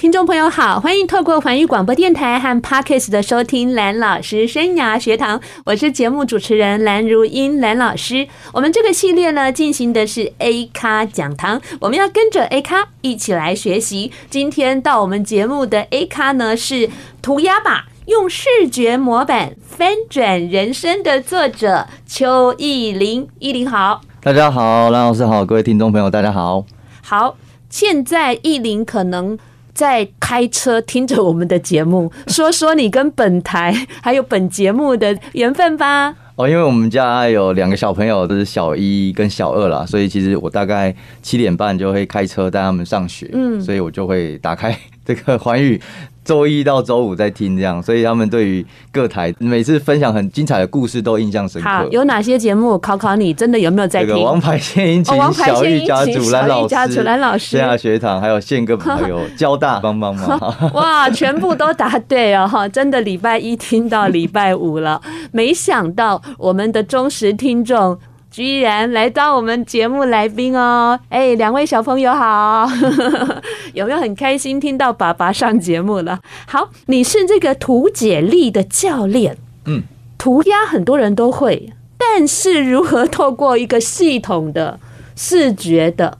聽眾朋友好，歡迎透過寰宇廣播電台和 Podcast 的收聽藍老師生涯學堂，我是節目主持人藍如英藍老師。我們這個系列呢進行的是 A 咖講堂，我們要跟着 A 咖一起來學習。今天到我們節目的 A 咖呢是塗鴉吧，用視覺模板翻轉人生的作者邱奕霖，奕霖好。大家好，藍老師好，各位聽眾朋友大家好。好，現在奕霖可能。在開車聽着我們的節目，說說你跟本台 還有本節目的緣分吧。哦，因為我們家有兩個小朋友，都、就是小一跟小二啦。所以其實我大概七點半就會開車帶他們上學，嗯，所以我就會打開這個寰宇。週一到週五在聽這樣，所以他們對於各台每次分享很精彩的故事都印象深刻。好，有哪些節目考考你，真的有沒有在聽？這個王牌鮮英情，小玉家祖蘭老師，天、哦、下學堂，還有憲哥朋友，呵呵交大幫幫呵忙呵呵。哇，全部都答對哦！真的禮拜一聽到禮拜五了， 沒想到我們的忠實聽眾，居然來當我們節目來賓哦！哎，兩位小朋友好呵呵，有沒有很開心聽到爸爸上節目了？好，你是這個圖解力的教練，嗯，塗鴉很多人都會，但是如何透過一個系統的視覺的，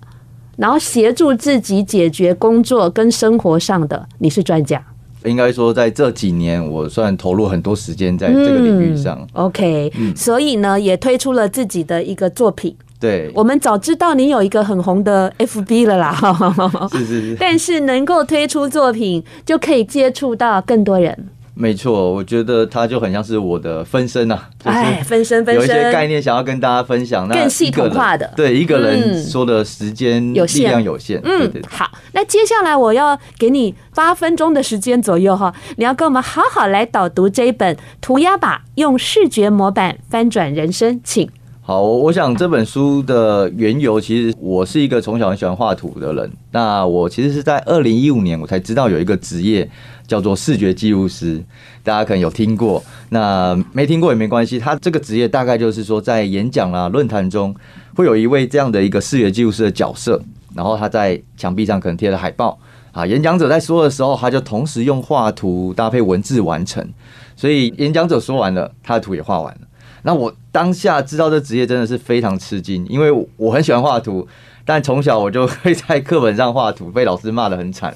然後協助自己解決工作跟生活上的，你是專家。應該說，在這幾年，我算投入很多時間在這個領域上。嗯，OK，嗯，所以呢，也推出了自己的一個作品。對，我們早知道你有一個很紅的 FB 了啦。 是是是。但是能夠推出作品，就可以接觸到更多人。沒錯，我覺得他就很像是我的分身吶、啊。哎，分身分身有一些概念想要跟大家分享，分身分身那更系統化的對一個人說的時間有、嗯、力量有限。嗯，好，那接下來我要給你八分鐘的時間左右哈，你要跟我們好好來導讀這一本《塗鴉吧》，用視覺模板翻轉人生，請。好，我想這本書的緣由，其實我是一個從小很喜歡畫圖的人。那我其實是在二零一五年，我才知道有一個職業叫做視覺記錄師，大家可能有聽過，那沒聽過也沒關係。他這個職業大概就是說，在演講啦論壇中，會有一位這樣的一個視覺記錄師的角色，然後他在牆壁上可能貼了海報啊，演講者在說的時候，他就同時用畫圖搭配文字完成，所以演講者說完了，他的圖也畫完了。那我當下知道這職業真的是非常吃驚，因為我很喜歡畫圖，但從小我就會在課本上畫圖，被老師罵得很慘。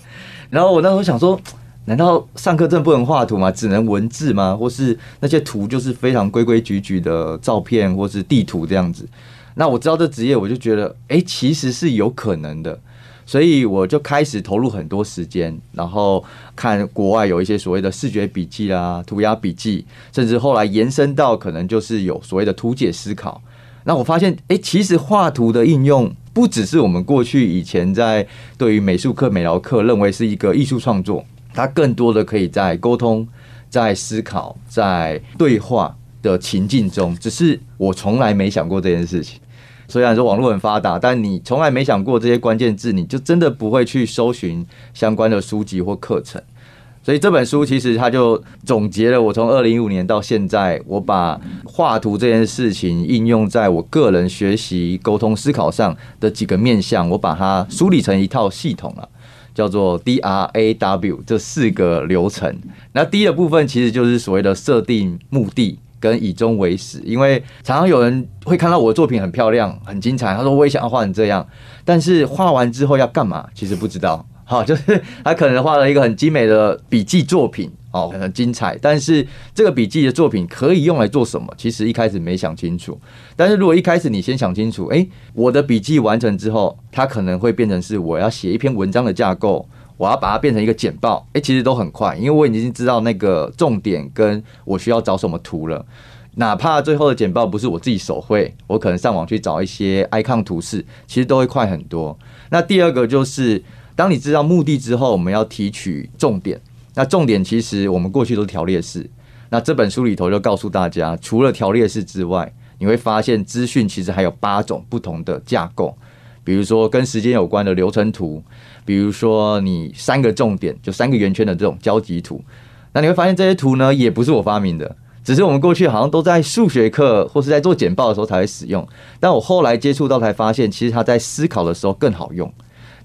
然後我那時候想說，難道上課真的不能畫圖嗎？只能文字嗎？或是那些圖就是非常規規矩矩的照片或是地圖這樣子？那我知道這職業，我就覺得，哎、欸，其實是有可能的。所以我就開始投入很多時間，然後看國外有一些所謂的視覺筆記啦、啊、塗鴉筆記，甚至後來延伸到可能就是有所謂的圖解思考。那我發現，誒，其實畫圖的應用不只是我們過去以前在對於美術課、美勞課認為是一個藝術創作，它更多的可以在溝通、在思考、在對話的情境中。只是我從來沒想過這件事情。雖然說網絡很發達，但你從來沒想過這些關鍵字，你就真的不會去搜尋相關的書籍或課程。所以這本書其實它就總結了我從二零一五年到現在，我把畫圖這件事情應用在我個人學習、溝通、思考上的幾個面向，我把它梳理成一套系統了啊，叫做 DRAW 這四個流程。那第一個部分其實就是所謂的設定目的，跟以終為始，因為常常有人會看到我的作品很漂亮、很精彩，他說我也想要畫成這樣，但是畫完之後要幹嘛？其實不知道，好，哦，就是他可能畫了一個很精美的筆記作品哦，很精彩，但是這個筆記的作品可以用來做什麼？其實一開始沒想清楚，但是如果一開始你先想清楚，誒，我的筆記完成之後，它可能會變成是我要寫一篇文章的架構。我要把它變成一個簡報，誒、欸，其實都很快，因為我已經知道那個重點，跟我需要找什麼圖了。哪怕最後的簡報不是我自己手繪，我可能上網去找一些 icon 圖示，其實都會快很多。那第二個就是，當你知道目的之後，我們要提取重點。那重點其實我們過去都是條列式，那這本書裡頭就告訴大家，除了條列式之外，你會發現資訊其實還有八種不同的架構，比如說跟時間有關的流程圖。比如說，你三個重點就三個圓圈的這種交集圖，那你會發現這些圖呢，也不是我發明的，只是我們過去好像都在數學課或是在做簡報的時候才會使用。但我後來接觸到才發現，其實它在思考的時候更好用。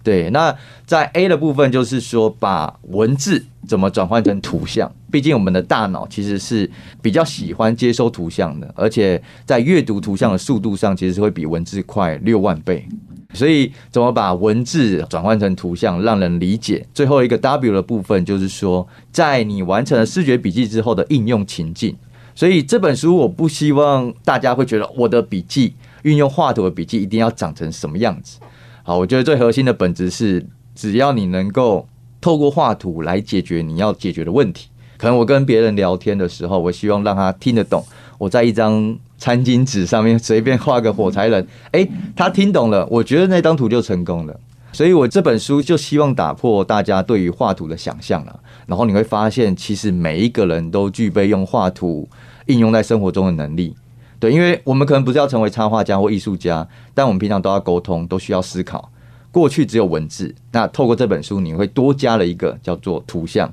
對，那在 A 的部分就是說，把文字怎麼轉換成圖像，畢竟我們的大腦其實是比較喜歡接收圖像的，而且在閱讀圖像的速度上，其實是會比文字快六萬倍。所以，怎麼把文字轉換成圖像，讓人理解？最後一個 W 的部分，就是說，在你完成了視覺筆記之後的應用情境。所以這本書，我不希望大家會覺得我的筆記、運用畫圖的筆記，一定要長成什麼樣子。好，我覺得最核心的本質是，只要你能夠透過畫圖來解決你要解決的問題。可能我跟別人聊天的時候，我希望讓他聽得懂。我在一張餐巾紙上面隨便畫個火柴人，哎、欸，他聽懂了，我覺得那張圖就成功了。所以，我這本書就希望打破大家對於畫圖的想象了。然後你會發現，其實每一個人都具備用畫圖應用在生活中的能力。對，因為我們可能不是要成為插畫家或藝術家，但我們平常都要溝通，都需要思考。過去只有文字，那透過這本書，你會多加了一個叫做圖像，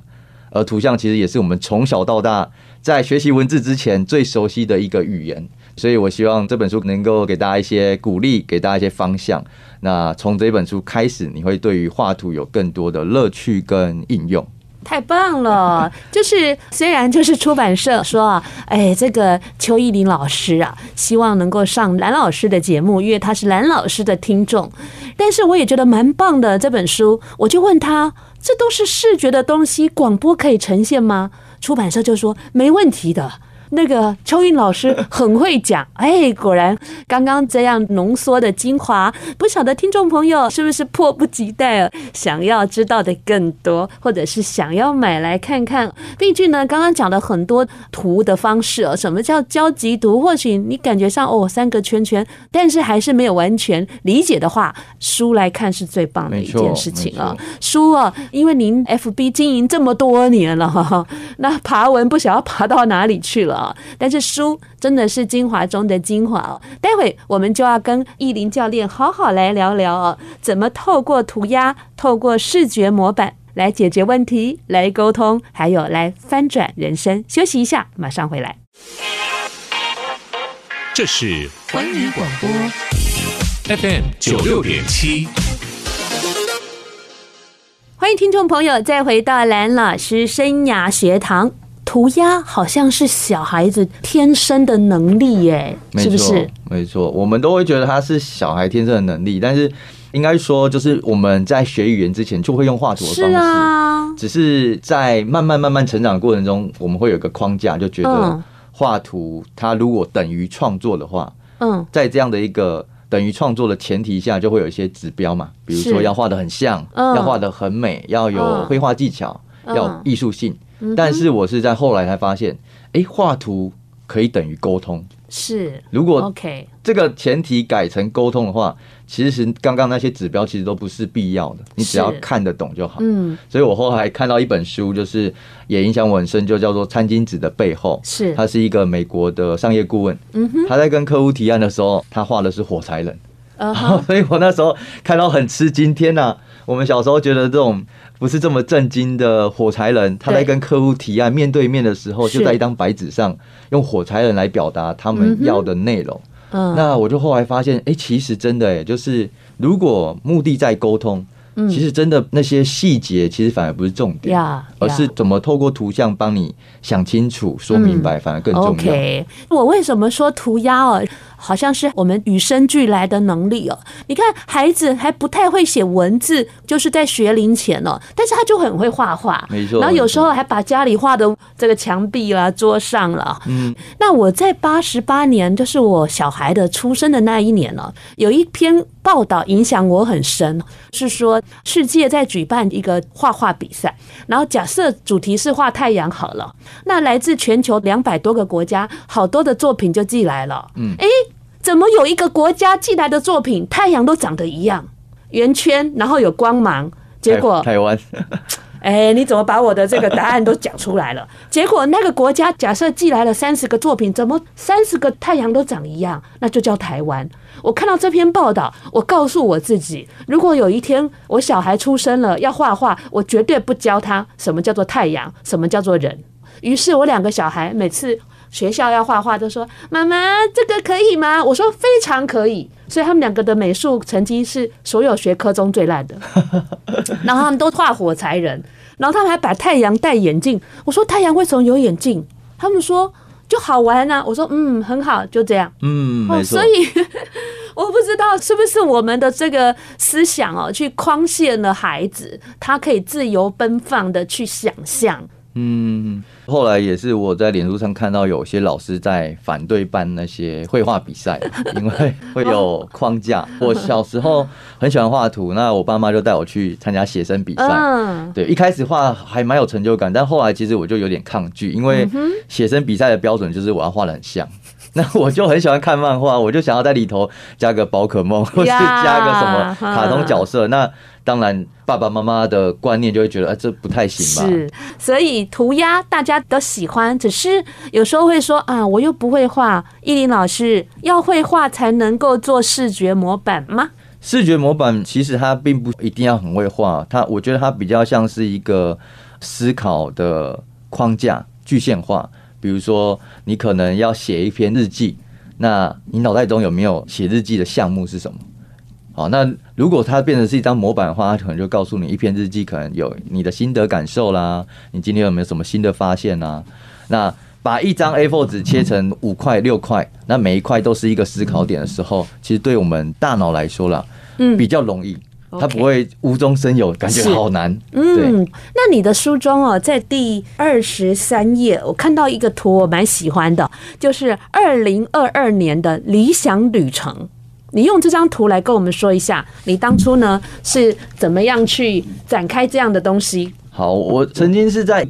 而圖像其實也是我們從小到大。在學習文字之前，最熟悉的一個語言，所以我希望這本書能夠給大家一些鼓勵，給大家一些方向。那從這本書開始，你會對於畫圖有更多的樂趣跟應用。太棒了！就是 雖然就是出版社說啊，哎，這個邱奕霖老師啊，希望能夠上藍老師的節目，因為他是藍老師的聽眾。但是我也覺得蠻棒的這本書，我就問他：這都是視覺的東西，廣播可以呈現嗎？出版社就說沒問題的。那個邱奕霖老師很會講，哎、欸，果然剛剛這樣濃縮的精華，不曉得聽眾朋友是不是迫不及待想要知道的更多，或者是想要買來看看？畢竟呢，剛剛講了很多圖的方式哦，什麼叫交集圖？或許你感覺上哦三個圈圈，但是還是沒有完全理解的話，書來看是最棒的一件事情啊！書啊，因為您 FB 經營這麼多年了，哈哈，那爬文不曉得爬到哪裡去了。哦、但是書真的是精華中的精華哦。待會我們就要跟奕霖教練好好來聊聊哦，怎麼透過塗鴉、透過視覺模板來解決問題、來溝通，還有來翻轉人生。休息一下，馬上回來。這是寰宇廣播 FM 九六點七，歡迎聽眾朋友再回到藍老師生涯學堂。塗鴉好像是小孩子天生的能力，耶。是不是？沒錯，沒錯，我們都會覺得他是小孩天生的能力，但是應該說，就是我們在學語言之前就會用畫圖的方式是啊。只是在慢慢慢慢成長的過程中，我們會有一個框架，就覺得畫圖它如果等於創作的話，嗯、在這樣的一個等於創作的前提下，就會有一些指標嘛，比如說要畫的很像，是啊、要畫的很美，要有繪畫技巧，嗯嗯，要有藝術性。但是我是在後來才發現，哎、欸，畫圖可以等於溝通。是，如果 OK 這個前提改成溝通的話，其實剛剛那些指標其實都不是必要的，你只要看得懂就好。嗯，所以我後來看到一本書，就是也影響我很深，就叫做《餐巾紙的背後》。是，他是一個美國的商業顧問。他、嗯、哼在跟客戶提案的時候，他畫的是火柴人。Uh huh. 所以我那時候看到很吃驚、啊，天哪！我們小時候覺得這種不是這麼震驚的火柴人，他在跟客戶提案面對面的時候，就在一張白紙上用火柴人來表達他們要的內容。嗯嗯、那我就後來發現，哎、欸，其實真的、欸，哎，就是如果目的在溝通。其實真的那些細節，其實反而不是重點，yeah, yeah. 而是怎麼透過圖像幫你想清楚、說明白，嗯、反而更重要。Okay. 我為什麼說塗鴉哦，好像是我們與生俱來的能力哦？你看孩子還不太會寫文字，就是在學齡前哦，但是他就很會畫畫，沒錯。然後有時候還把家裡畫的這個牆壁啦、啊、桌上了。嗯，那我在八十八年，就是我小孩的出生的那一年哦，有一篇。報道影響我很深，是說世界在舉辦一個畫畫比賽，然後假設主題是畫太陽好了，那來自全球兩百多個國家，好多的作品就寄來了。嗯，哎，怎麼有一個國家寄來的作品，太陽都長得一樣，圓圈，然後有光芒，結果台灣。 哎，欸、你怎麼把我的這個答案都講出來了？結果那個國家假設寄來了三十個作品，怎麼三十個太陽都長一樣，那就叫台灣。我看到這篇報道，我告訴我自己，如果有一天我小孩出生了要畫畫，我絕對不教他什麼叫做太陽，什麼叫做人。於是我兩個小孩每次。學校要畫畫，都說媽媽這個可以嗎？我說非常可以。所以他們兩個的美術成績是所有學科中最爛的。然後他們都畫火柴人，然後他們還把太陽戴眼鏡。我說，太陽為什麼有眼鏡？他們說就好玩啊。我說嗯，很好，就這樣。嗯，所以我不知道是不是我們的這個思想哦，去框限了孩子，他可以自由奔放的去想象。嗯，後來也是我在臉書上看到有些老師在反對辦那些繪畫比賽，因為會有框架。我小時候很喜歡畫圖，那我爸媽就帶我去參加寫生比賽。對，一開始畫還蠻有成就感，但後來其實我就有點抗拒，因為寫生比賽的標準就是我要畫得很像。那我就很喜歡看漫畫，我就想要在裡頭加個寶可夢，yeah, 或是加個什麼卡通角色。嗯、那當然，爸爸媽媽的觀念就會覺得，哎、欸，這不太行吧？是，所以塗鴉大家都喜歡，只是有時候會說啊，我又不會畫。奕霖老師要會畫才能夠做視覺模板嗎？視覺模板其實它並不一定要很會畫，它我覺得它比較像是一個思考的框架，具現化。比如說，你可能要寫一篇日記，那你腦袋中有沒有寫日記的項目是什麼？好，那如果它變成是一張模板的話，它可能就告訴你一篇日記可能有你的心得感受啦，你今天有沒有什麼新的發現啦、啊？那把一張 A4 紙切成五塊、六塊，那每一塊都是一個思考點的時候，其實對我們大腦來說啦，嗯，比較容易。他不會無中生有，感覺好難。嗯，對那你的書中哦，在第二十三頁，我看到一個圖，我蠻喜歡的，就是二零二二年的理想旅程。你用這張圖來跟我們說一下，你當初呢是怎麼樣去展開這樣的東西？好，我曾經是在。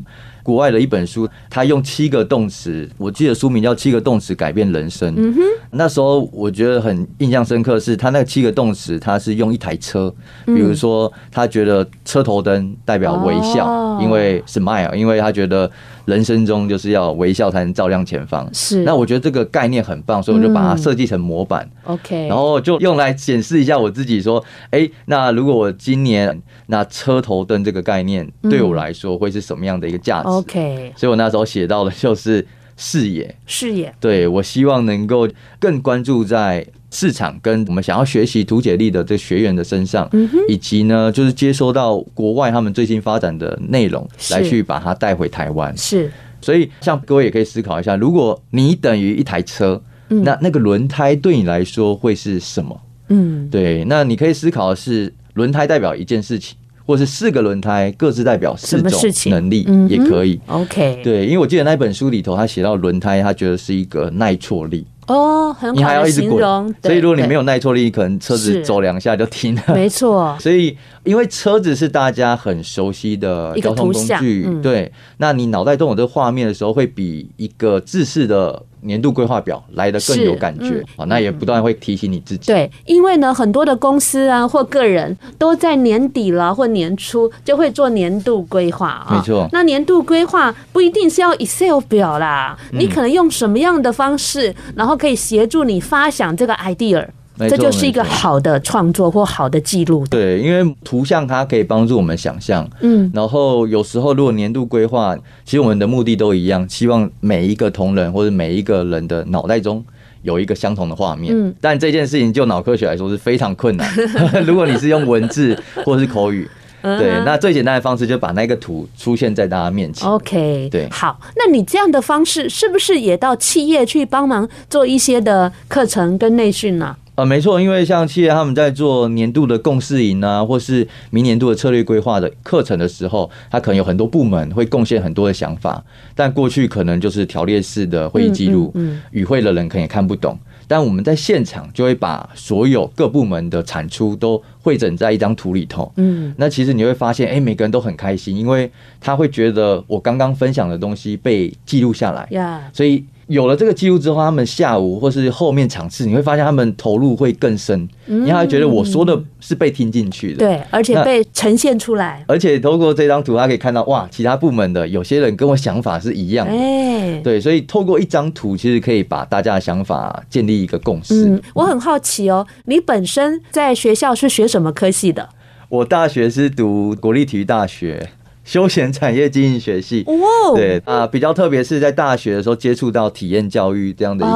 國外的一本書，他用七個動詞，我記得書名叫《七個動詞改變人生》嗯哼。那時候我覺得很印象深刻是，是他那七個動詞，他是用一台車，比如說他覺得車頭燈代表微笑，嗯、因為 smile，因為他覺得。人生中就是要微笑才能照亮前方。是，那我覺得這個概念很棒，所以我就把它設計成模板。嗯、OK，然後就用來顯示一下我自己說，哎、欸，那如果我今年那車頭燈這個概念對我來說會是什麼樣的一個價值，嗯、？OK，所以我那時候寫到的就是。視野，視野，對，我希望能夠更關注在市場跟我們想要學習圖解力的這學員的身上，嗯哼，以及呢，就是接收到國外他們最新發展的內容，來去把它帶回台灣，是。是。所以像各位也可以思考一下，如果你等於一台車，那那個輪胎對你來說會是什麼？嗯，對，那你可以思考的是輪胎代表一件事情，或是四個輪胎各自代表四種能力，也可以。OK，對，因為我記得那本書裡頭，他寫到輪胎，他覺得是一個耐挫力。哦，你還要一直滾，所以如果你沒有耐挫力，可能車子走兩下就停了。沒錯，所以因為車子是大家很熟悉的交通工具，對，那你腦袋都有這個畫面的時候，會比一個自視的年度規劃表來得更有感覺啊、嗯哦，那也不斷會提醒你自己、嗯。對，因為呢，很多的公司啊或個人都在年底了或年初就會做年度規劃、哦。沒錯，那年度規劃不一定是要 Excel 表啦，嗯、你可能用什麼樣的方式，然後可以協助你發想這個 idea。這就是一個好的創作或好的記錄的。記錄，對，因為圖像它可以幫助我們想象。嗯，然後有時候如果年度規劃，其實我們的目的都一樣，希望每一個同仁或者每一個人的腦袋中有一個相同的畫面。嗯，但這件事情就腦科學來說是非常困難。 如果你是用文字或是口語。Uh huh. 對，那最簡單的方式就是把那個圖出現在大家面前。OK，對。好，那你這樣的方式是不是也到企業去幫忙做一些的課程跟內訓呢？呃，沒錯，因為像企業他們在做年度的共識營啊，或是明年度的策略規劃的課程的時候，他可能有很多部門會貢獻很多的想法，但過去可能就是條列式的會議記錄，嗯嗯嗯，與會的人可能也看不懂。但我們在現場就會把所有各部門的產出都匯整在一張圖裡頭。嗯，那其實你會發現，哎、欸，每個人都很開心，因為他會覺得我剛剛分享的東西被記錄下來。呀，Yeah. 所以。有了這個記錄之後，他們下午或是後面場次，你會發現他們投入會更深。你還、嗯、會他覺得我說的是被聽進去的，對，而且被呈現出來。而且透過這張圖，他可以看到哇，其他部門的有些人跟我想法是一樣的。哎、欸，對，所以透過一張圖，其實可以把大家的想法建立一個共識。嗯、我很好奇哦，哇你本身在學校是學什麼科系的？我大學是讀國立體育大學，休閒產業經營學系，oh, 對啊，比較特別是在大學的時候接觸到體驗教育這樣的一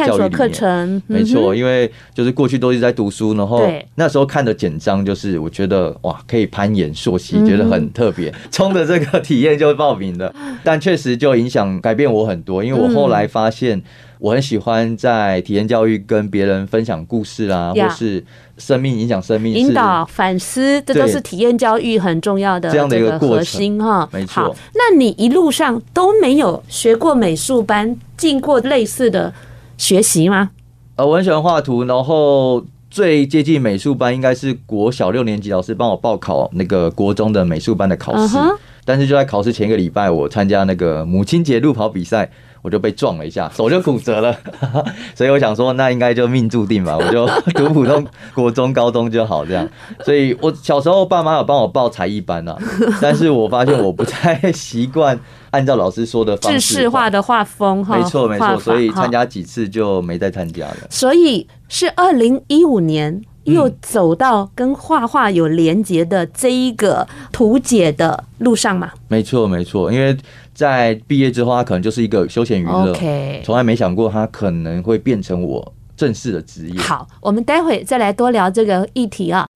個教育課、oh, 程，mm hmm. 沒錯，因為就是過去都是在讀書，然後那時候看的簡章就是我覺得哇可以攀岩、溯溪、mm，hmm. 覺得很特別，衝着這個體驗就會報名的， 但確實就影響改變我很多，因為我後來發現我很喜歡在體驗教育跟別人分享故事啦、啊，mm hmm. 或是。生命影響生命，影響生命引導反思，對這都是體驗教育很重要的這，這樣的一個核心哈。好沒錯，那你一路上都沒有學過美術班，進過類似的學習嗎？呃，我很喜歡畫圖，然後最接近美術班應該是國小六年級，老師幫我報考那個國中的美術班的考試。Uh huh。但是就在考試前一個禮拜，我參加那個母親節路跑比賽。我就被撞了一下，手就骨折了。 所以我想說，那應該就命注定吧，我就讀普通國中、高中就好這樣。所以，我小時候爸媽有幫我報才藝班啊。 但是我發現我不太習慣按照老師說的方式，制式化的畫風。沒錯沒錯，所以參加幾次就沒再參加了。所以是二零一五年，又走到跟畫畫有連結的這一個圖解的路上嗎？嗯、沒錯，沒錯，因為在畢業之後，他可能就是一個休閒娛樂，Okay. 從來沒想過它可能會變成我正式的職業。好，我們待會再來多聊這個議題啊。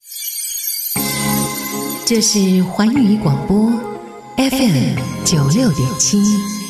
這是環宇廣播 FM 九六點七。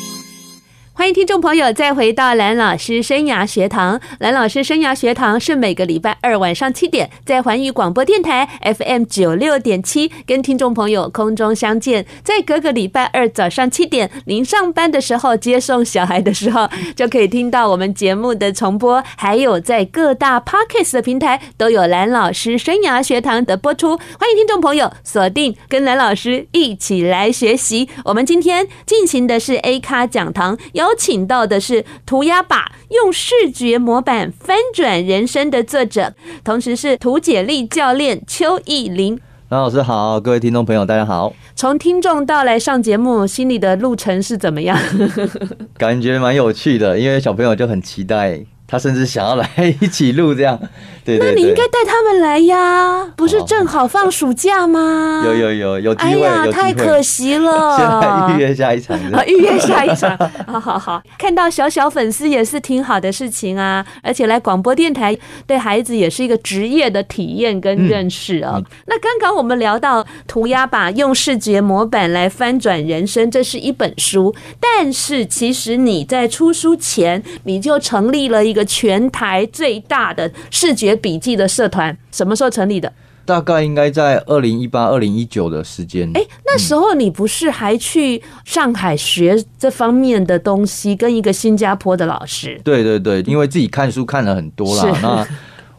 歡迎聽眾朋友再回到藍老師生涯學堂。藍老師生涯學堂是每個禮拜二晚上七點在環宇廣播電台 FM 九六點七跟聽眾朋友空中相見。在各個禮拜二早上七點，您上班的時候接送小孩的時候，就可以聽到我們節目的重播。還有在各大 Podcast 的平台都有藍老師生涯學堂的播出。歡迎聽眾朋友鎖定跟藍老師一起來學習。我們今天進行的是 A 咖講堂。邀請到的是塗鴉吧，用視覺模板翻轉人生的作者，同時是圖解力教練邱奕霖。張老師好，各位聽眾朋友大家好。從聽眾到來上節目，心裡的路程是怎麼樣？ 感覺蠻有趣的，因為小朋友就很期待。他甚至想要來一起錄這樣，那你應該帶他們來呀，不是正好放暑假嗎？哦、有有有有有機會，哎呀，太可惜了！ 現在預約下一場啊，哦、預約下一場， 好好好，看到小小粉絲也是挺好的事情啊，而且來廣播電台對孩子也是一個職業的體驗跟認識啊、哦。嗯、那剛剛我們聊到《塗鴉吧》，用視覺模板來翻轉人生，這是一本書，但是其實你在出書前你就成立了一個全台最大的視覺筆記的社團，什麼時候成立的？大概應該在二零一八、二零一九的時間。哎、欸，那時候你不是還去上海學這方面的東西，嗯、跟一個新加坡的老師？對對對，因為自己看書看了很多啦。是那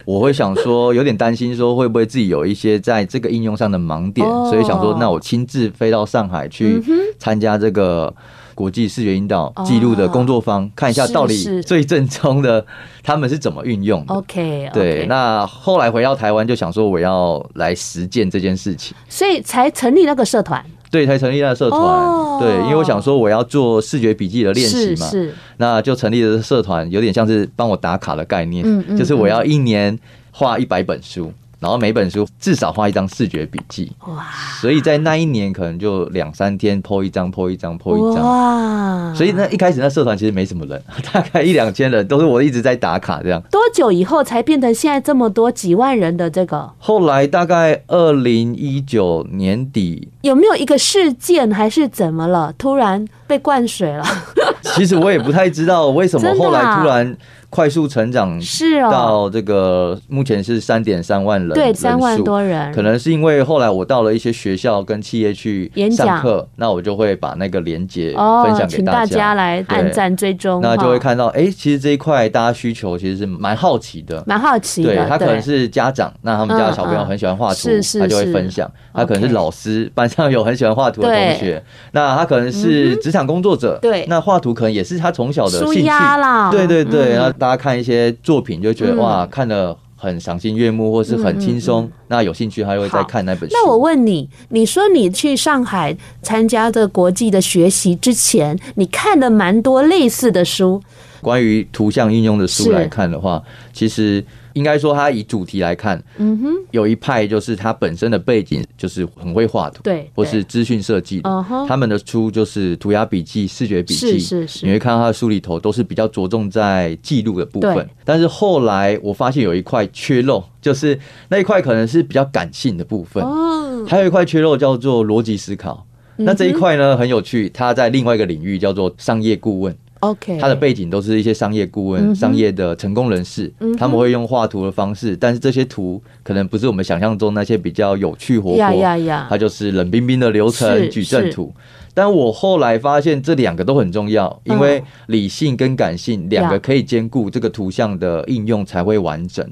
我會想說，有點擔心說會不會自己有一些在這個應用上的盲點，哦、所以想說，那我親自飛到上海去參加這個。國際視覺引導記錄的工作坊、oh, 看一下，到底最正宗的他們是怎麼運用的？OK，, okay. 對。那後來回到台灣，就想說我要來實踐這件事情，所以才成立那個社團。對，才成立那個社團。Oh, 對，因為我想說我要做視覺筆記的練習嘛，是是，那就成立了社團，有點像是幫我打卡的概念，嗯嗯嗯，就是我要一年畫一百本書。然後每本書至少畫一張視覺筆記，哇！所以在那一年可能就兩三天，po 一,一,一張，po 一張，po 一張，哇！所以那一開始那社團其實沒什麼人，大概一兩千人，都是我一直在打卡這樣。多久以後才變成現在這麼多幾萬人的這個？後來大概二零一九年底，有沒有一個事件還是怎麼了，突然被灌水了？ 其實我也不太知道為什麼後來突然、啊。快速成長到這個目前是三點三萬人，對，三萬多人。可能是因為後來我到了一些學校跟企業去上課，那我就會把那個連結分享給大家，來按讚追蹤，那就會看到，哎，其實這一塊大家需求其實是蠻好奇的，蠻好奇。對，他可能是家長，那他們家的小朋友很喜歡畫圖，他就會分享；他可能是老師，班上有很喜歡畫圖的同學，那他可能是職場工作者，對，那畫圖可能也是他從小的興趣。對對對，大家看一些作品就覺得、嗯、哇，看的很賞心悅目，或是很輕鬆。嗯嗯嗯，那有興趣，還會再看那本書。那我問你，你說你去上海參加的國際的學習之前，你看了蠻多類似的書，關於圖像應用的書來看的話，是其實。應該說，他以主題來看，嗯哼、mm，hmm. 有一派就是他本身的背景就是很會畫圖，對，或是資訊設計，的、uh huh. 他們的書就是塗鴉筆記、視覺筆記，是是是，你會看到他的書裡頭都是比較着重在記錄的部分。對但是後來我發現有一塊缺漏，就是那一塊可能是比較感性的部分，哦，oh. 還有一塊缺漏叫做邏輯思考。Mm hmm. 那這一塊呢，很有趣，他在另外一個領域叫做商業顧問。OK，他的背景都是一些商業顧問、商業的成功人士，他們會用畫圖的方式，但是這些圖可能不是我們想象中那些比較有趣活潑，它就是冷冰冰的流程矩陣圖。但我後來發現這兩個都很重要，因為理性跟感性兩個可以兼顧，這個圖像的應用才會完整。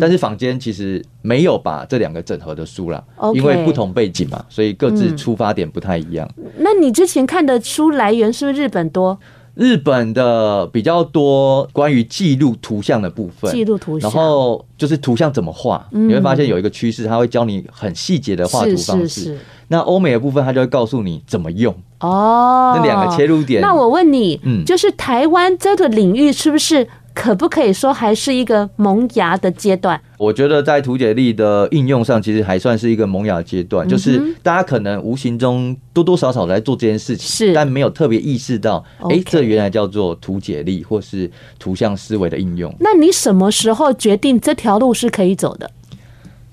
但是坊間其實沒有把這兩個整合的書了，因為不同背景嘛，所以各自出發點不太一樣。那你之前看的書來源是不是日本多？日本的比較多，關於記錄圖像的部分，記錄圖像，然後就是圖像怎麼畫，嗯，你會發現有一個趨勢，它會教你很細節的畫圖方式。是是是。那歐美的部分，它就會告訴你怎麼用。哦，那兩個切入點。那我問你，嗯，就是台灣這個領域是不是？可不可以說還是一個萌芽的階段？我覺得在圖解力的應用上，其實還算是一個萌芽階段，嗯、哼就是大家可能無形中多多少少來做這件事情，是但沒有特別意識到 Okay、欸，這原來叫做圖解力或是圖像思維的應用。那你什麼時候決定這條路是可以走的？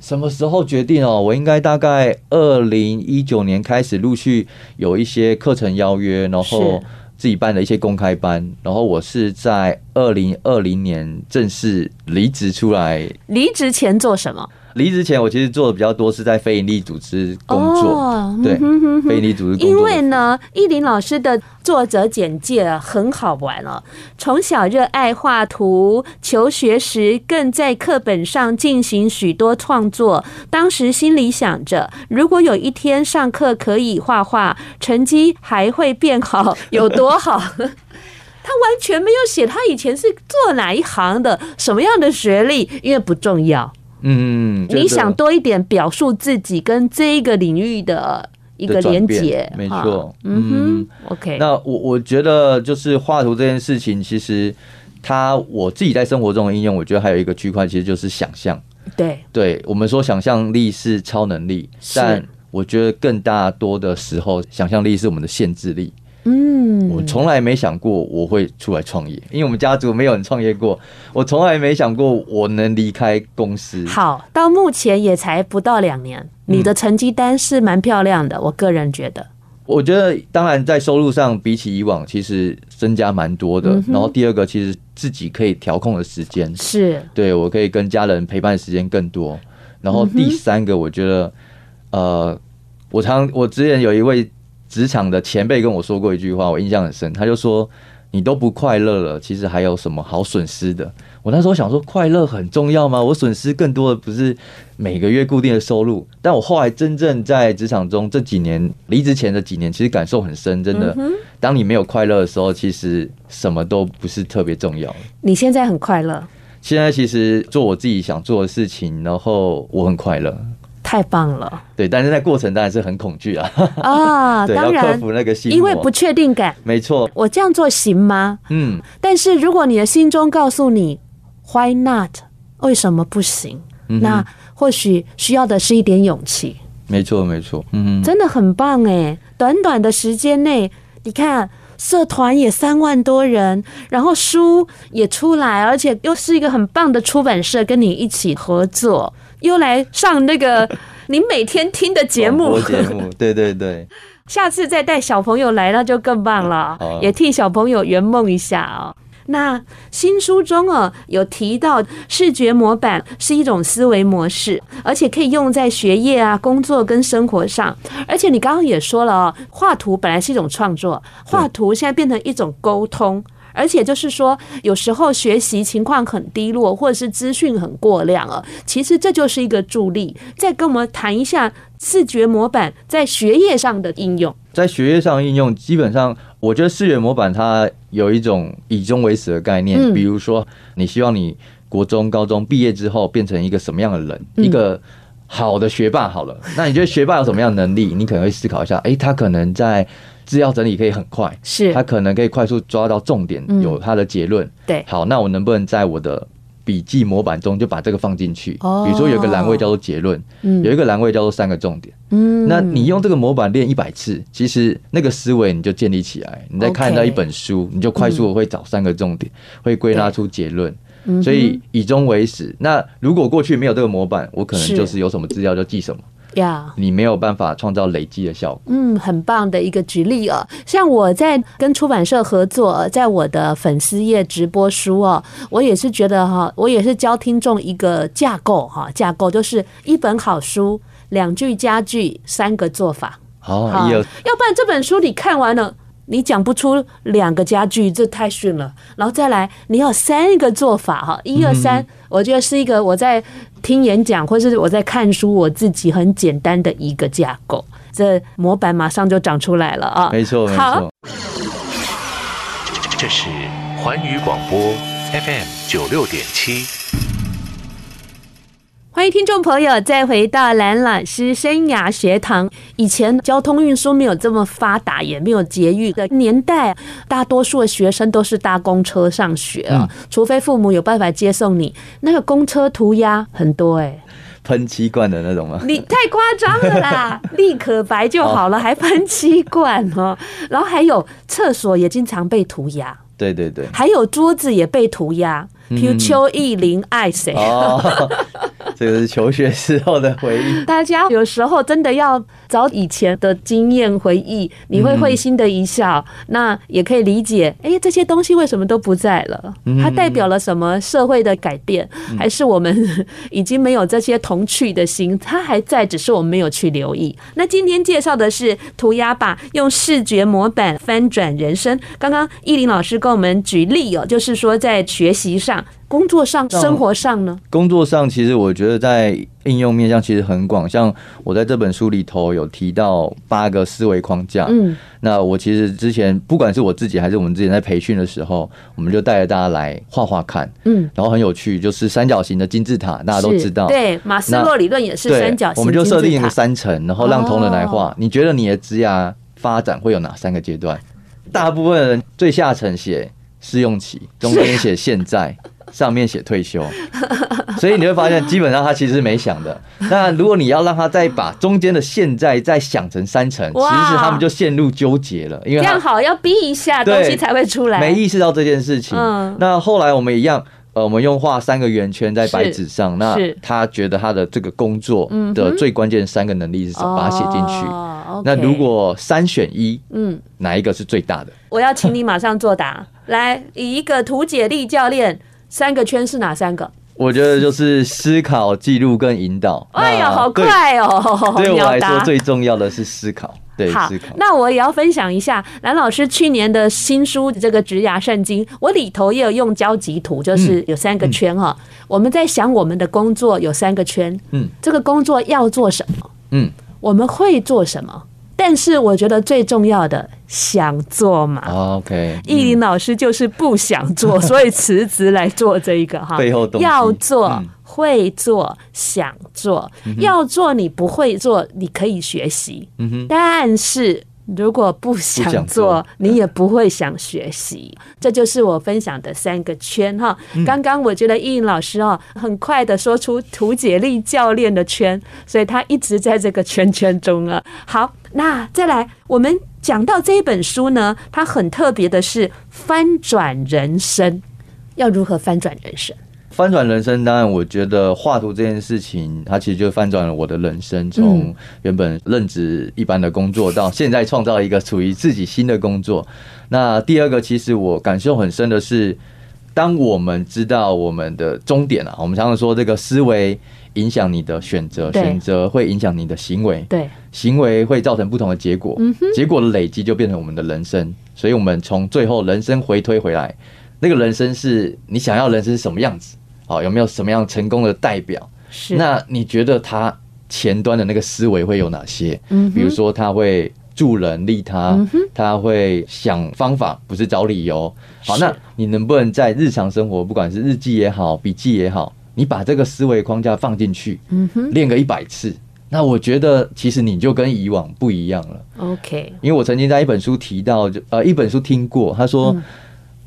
什麼時候決定哦？我應該大概二零一九年開始陸續有一些課程邀約，然後。自己辦的一些公開班，然後我是在二零二零年正式離職出來。離職前做什麼？離職前，我其實做的比較多是在非營利組織工作。Oh, 對，嗯、哼哼非營利組織工作，工作。因為呢，奕霖老師的作者簡介很好玩哦。從小熱愛畫圖，求學時更在課本上進行許多創作。當時心裡想着，如果有一天上課可以畫畫，成績還會變好，有多好？ 他完全沒有寫他以前是做哪一行的，什麼樣的學歷，因為不重要。嗯，你想多一點表述自己跟這一個領域的一個連接，沒錯。啊、嗯哼，OK。那我我覺得就是畫圖這件事情，其實它我自己在生活中的應用，我覺得還有一個區塊其實就是想象。對，對，我們說想象力是超能力，是但我覺得更大多的時候，想象力是我們的限制力。嗯，我從來沒想過我會出來創業，因為我們家族沒有人創業過。我從來沒想過我能離開公司。好，到目前也才不到兩年，你的成績單是蠻漂亮的。嗯、我個人覺得，我覺得當然在收入上比起以往其實增加蠻多的。嗯哼，然後第二個其實自己可以調控的時間是對我可以跟家人陪伴的時間更多。然後第三個我覺得、嗯哼，呃，我常我之前有一位。職場的前輩跟我說過一句話，我印象很深。他就說：“你都不快樂了，其實還有什麼好損失的？”我那時候想說，快樂很重要嗎？我損失更多的不是每個月固定的收入，但我後來真正在職場中這幾年，離職前的幾年，其實感受很深。真的，當你沒有快樂的時候，其實什麼都不是特別重要。你現在很快樂，現在其實做我自己想做的事情，然後我很快樂。太棒了，對，但是在過程當然是很恐懼啊。啊、哦， 對，當然，要克服那個心魔，因為不確定感。沒錯錯，我這樣做行嗎？嗯，但是如果你的心中告訴你 “Why not？” 為什麼不行？嗯、哼那或許需要的是一點勇氣。沒錯，沒錯，嗯，真的很棒哎、欸！短短的時間內，你看。社團也三萬多人，然後書也出來，而且又是一個很棒的出版社跟你一起合作，又來上那個你每天聽的節目。 哦，節目，對對對，下次再帶小朋友來，那就更棒了。嗯，也替小朋友圓夢一下啊，哦。那新書中啊，有提到視覺模板是一種思維模式，而且可以用在學業啊、工作跟生活上。而且你剛剛也說了哦，畫圖本來是一種創作，畫圖現在變成一種溝通。而且就是說，有時候學習情況很低落，或者是資訊很過量啊，其實這就是一個助力。再跟我們談一下視覺模板在學業上的應用，在學業上應用基本上。我覺得視覺模板它有一種以終為始的概念，嗯、比如說你希望你國中、高中畢業之後變成一個什麼樣的人？嗯、一個好的學霸好了，嗯、那你覺得學霸有什麼樣的能力？ 你可能會思考一下，哎、欸，他可能在資料整理可以很快，是，他可能可以快速抓到重點，嗯、有他的結論。對，好，那我能不能在我的筆記模板中就把這個放進去，比如說有個欄位叫做結論，有一個欄位叫做三個重點。那你用這個模板練一百次，其實那個思維你就建立起來。你再看到一本書，你就快速的會找三個重點，會歸納出結論。所以以終為始。那如果過去沒有這個模板，我可能就是有什麼資料就記什麼。呀，Yeah. 你沒有辦法創造累積的效果。嗯，很棒的一個舉例哦。像我在跟出版社合作，在我的粉絲頁直播書哦，我也是覺得哈，我也是教聽眾一個架構哈，架構就是一本好書，兩句家具、三個做法。哦、oh, yes. 啊，要要不然這本書你看完了。你講不出兩個家具，這太遜了。然後再來，你要三個做法哈，一二三，嗯嗯，我覺得是一個我在聽演講或是我在看書，我自己很簡單的一個架構，這模板馬上就長出來了啊。沒錯，沒錯。這是環宇廣播 FM 九六點七。歡迎聽眾朋友再回到藍老師生涯學堂。以前交通運輸沒有這麼發達，也沒有捷運的年代，大多數的學生都是搭公車上學啊，除非父母有辦法接送你。那個公車塗鴉很多哎、欸，噴漆罐的那種嗎？你太誇張了啦， 立可白就好了，還噴漆罐哦。 然後還有廁所也經常被塗鴉，對對對，還有桌子也被塗鴉。秋秋奕霖愛誰？這個是求學時候的回憶。 大家有時候真的要找以前的經驗回憶，你會會心的一笑，哦。嗯、那也可以理解，哎，這些東西為什麼都不在了？它代表了什麼社會的改變，還是我們已經沒有這些童趣的心？它還在，只是我們沒有去留意。那今天介紹的是塗鴉吧，用視覺模板翻轉人生。剛剛奕霖老師跟我們舉例哦，就是說在學習上。工作上、生活上呢？工作上其實我覺得在應用面向其實很廣，像我在這本書裡頭有提到八個思維框架。嗯，那我其實之前不管是我自己還是我們之前在培訓的時候，我們就帶着大家來畫畫看。嗯，然後很有趣，就是三角形的金字塔，是大家都知道，對馬斯洛理論也是三角形，我們就設定一個三層，然後讓同仁來畫。哦、你覺得你的職涯發展會有哪三個階段？大部分人最下層寫試用期，中間寫現在。上面寫退休，所以你會發現基本上他其實是沒想的。那如果你要讓他再把中間的現在再想成三層，其實他們就陷入糾結了，因為這樣好要逼一下東西才會出來，沒意識到這件事情。那後來我們一樣，呃，我們用畫三個圓圈在白紙上，那他覺得他的這個工作的最關鍵的三個能力是什麼？把它寫進去。那如果三選一，哪一個是最大的？我要請你馬上作答。來，以一個圖解力教練。三個圈是哪三個？我覺得就是思考、記錄跟引導。 那哎呀，好快哦！對，對我來說，最重要的是思考。對好，思考那我也要分享一下藍老師去年的新書《這個職涯聖經》，我裡頭也有用交集圖，就是有三個圈哈、哦。嗯、我們在想我們的工作有三個圈，嗯，這個工作要做什麼？嗯，我們會做什麼？但是我覺得最重要的想做嘛、oh,，OK，奕、嗯、霖老師就是不想做， 所以辭職來做這一個哈。 要做、嗯、會做想做，嗯、哼要做你不會做，你可以學習。嗯、哼但是。如果不想做，想做你也不會想學習。嗯，這就是我分享的三個圈。哈，剛剛我覺得奕霖老師哦，很快的說出圖解力教練的圈，所以他一直在這個圈圈中啊。好，那再來，我們講到這一本書呢，它很特別的是翻轉人生，要如何翻轉人生？翻轉人生，當然，我覺得畫圖這件事情，它其實就翻轉了我的人生。從原本任職一般的工作，到現在創造一個屬於自己新的工作。那第二個，其實我感受很深的是，當我們知道我們的終點啊，我們常常說這個思維影響你的選擇，選擇會影響你的行為，對，行為會造成不同的結果，結果的累積就變成我們的人生。所以，我們從最後人生回推回來，那個人生是你想要人生是什麼樣子？好，有沒有什麼樣成功的代表？是。那你覺得他前端的那個思維會有哪些？嗯、哼比如說他會助人利他，嗯、哼他會想方法，不是找理由。好，是那你能不能在日常生活，不管是日記也好，筆記也好，你把這個思維框架放進去，練、嗯、哼個一百次，那我覺得其實你就跟以往不一樣了。OK，因為我曾經在一本書提到，就呃一本書聽過，他說。嗯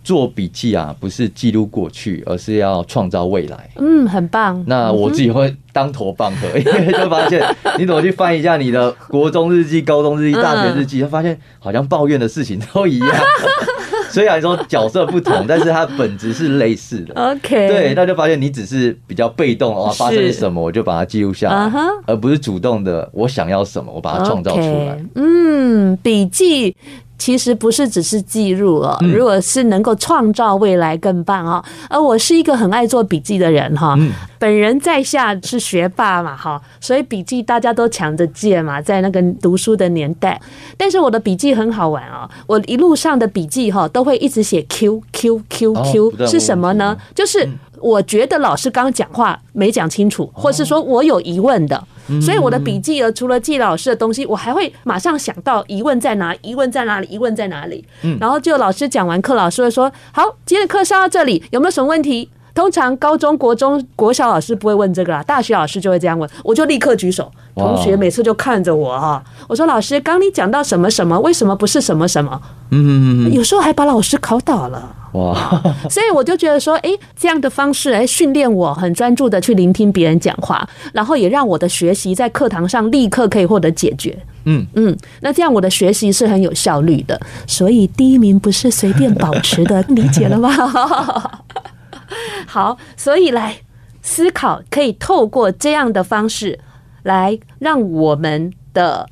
做筆記啊，不是記錄過去，而是要創造未來。嗯，很棒。那我自己會當頭棒喝，嗯、哼因為就發現你怎麼去翻一下你的國中日記、高中日記、大學日記，嗯、就發現好像抱怨的事情都一樣。嗯、雖然說角色不同， 但是它本質是類似的。OK，對，那就發現你只是比較被動啊、哦，發生什麼是我就把它記錄下來，uh huh、而不是主動的我想要什麼，我把它創造出來。Okay、嗯，筆記。其實不是只是記錄哦，如果是能夠創造未來更棒哦。而我是一個很愛做筆記的人哈、哦，本人在下是學霸嘛哈，所以筆記大家都搶着借嘛，在那個讀書的年代。但是我的筆記很好玩哦，我一路上的筆記哈都會一直寫 Q Q Q Q 是什麼呢？就是我覺得老師剛講話沒講清楚，或是說我有疑問的。所以我的筆記呃，除了記老師的東西，我還會馬上想到疑問在哪？疑問在哪裡？疑問在哪裡？然後就老師講完課，老師會說：“好，今天的課上到這裡，有沒有什麼問題？”通常高中、國中、國小老師不會問這個啦，大學老師就會這樣問，我就立刻舉手。同學每次就看着我啊，我說：“老師，剛你講到什麼什麼？為什麼不是什麼什麼？”嗯嗯嗯。有時候還把老師考倒了。哇，Wow. 所以我就覺得說，哎，這樣的方式，來訓練我很專注的去聆聽別人講話，然後也讓我的學習在課堂上立刻可以獲得解決。嗯、mm. 嗯，那這樣我的學習是很有效率的，所以第一名不是隨便保持的，理解了嗎？ 好，所以來思考可以透過這樣的方式來讓我們的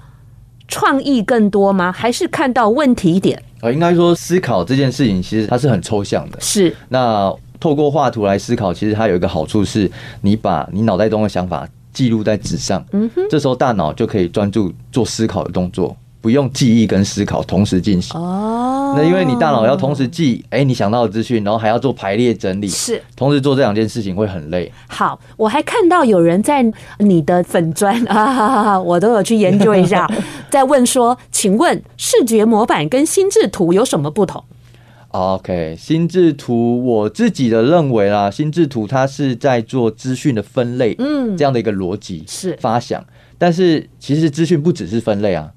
創意更多嗎？還是看到問題點？呃，應該說思考這件事情，其實它是很抽象的。是。那透過畫圖來思考，其實它有一個好處是，你把你腦袋中的想法記錄在紙上，嗯哼，這時候大腦就可以專注做思考的動作。不用記憶跟思考同時進行哦。Oh, 那因為你大腦要同時記，哎、欸，你想到的資訊，然後還要做排列整理，是同時做這兩件事情會很累。好，我還看到有人在你的粉專、 啊，我都有去研究一下，在 問說，請問視覺模板跟心智圖有什麼不同？OK，心智圖我自己的認為啦，心智圖它是在做資訊的分類，嗯，這樣的一個邏輯是發想，但是其實資訊不只是分類啊。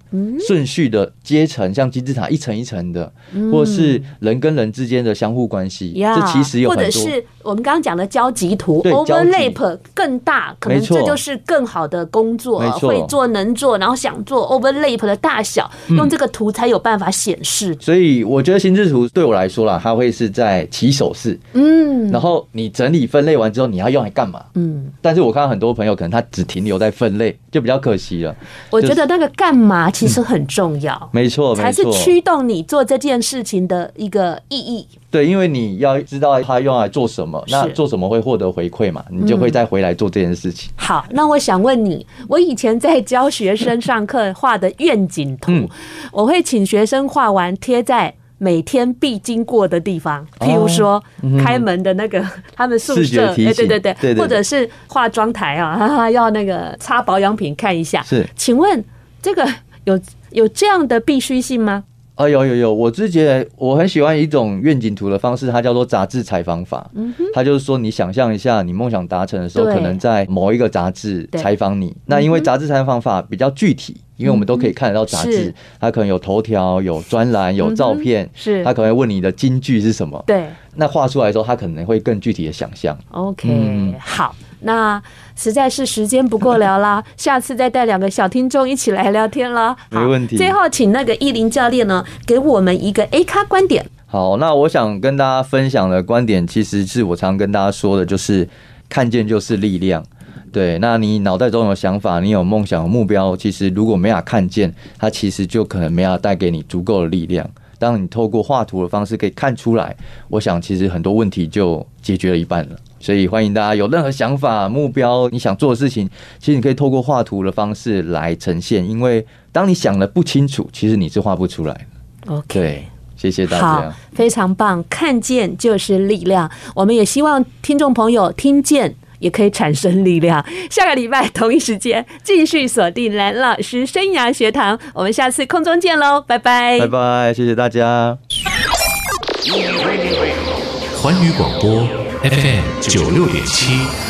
順序的階層，像金字塔一層一層的，或是人跟人之間的相互關係，這其實有很多。或者是我們剛剛講的交集圖，overlap 更大，可能這就是更好的工作、啊，會做能做，然後想做 overlap 的大小，用這個圖才有辦法顯示。所以我覺得心智圖對我來說啦，它會是在起手式，嗯，然後你整理分類完之後，你要用來幹嘛？嗯，但是我看到很多朋友可能他只停留在分類，就比較可惜了。我覺得那個幹嘛？其實很重要，嗯、沒錯，沒錯，才是驅動你做這件事情的一個意義。對，因為你要知道它用來做什麼，是那做什麼會獲得回饋嘛，嗯、你就會再回來做這件事情。好，那我想問你， 我以前在教學生上課畫的願景圖，嗯、我會請學生畫完貼在每天必經過的地方，譬如說開門的那個他們宿舍，哎、哦，嗯欸、對，對，對，對對對對，或者是化妝台啊，哈哈要那個擦保養品看一下。是，請問這個。有有這樣的必須性嗎？啊，有有有！我之前我很喜歡一種願景圖的方式，它叫做雜誌採訪法。嗯、哼它就是說你想象一下，你夢想達成的時候，對可能在某一個雜誌採訪你。對那因為雜誌採訪法比較具體，對因為我們都可以看得到雜誌，嗯、它可能有頭條、有專欄、有照片。嗯、是，它可能會問你的金句是什麼？對，那畫出來的時候，他可能會更具體的想象。OK，、嗯、好。那實在是時間不夠聊啦，下次再帶兩個小聽眾一起來聊天啦。沒問題。最後，請那個奕霖教練呢，給我們一個 A 咖觀點。好，那我想跟大家分享的觀點，其實是我常跟大家說的，就是看見就是力量。對，那你腦袋中有想法，你有夢想、目標，其實如果沒法看見，它其實就可能沒法帶給你足夠的力量。當你透過畫圖的方式可以看出來，我想其實很多問題就解決了一半了。所以歡迎大家有任何想法、目標，你想做的事情，其實你可以透過畫圖的方式來呈現。因為當你想得不清楚，其實你是畫不出來的。OK，謝謝大家。好，樣非常棒，看見就是力量。我們也希望聽眾朋友聽見也可以產生力量。下個禮拜同一時間繼續鎖定藍老師生涯學堂，我們下次空中見嘍，拜拜，拜拜，謝謝大家。環宇廣播。FM 九六點七。